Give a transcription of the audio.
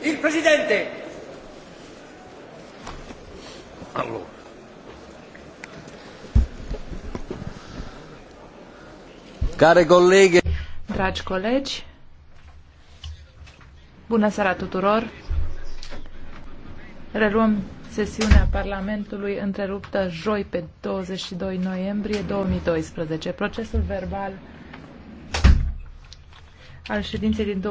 Il Presidente! Allora. Care colleghe. Dragi colegi, bună seara tuturor. Reluăm sesiunea Parlamentului întreruptă joi pe 22 noiembrie 2012. Procesul verbal al ședinței din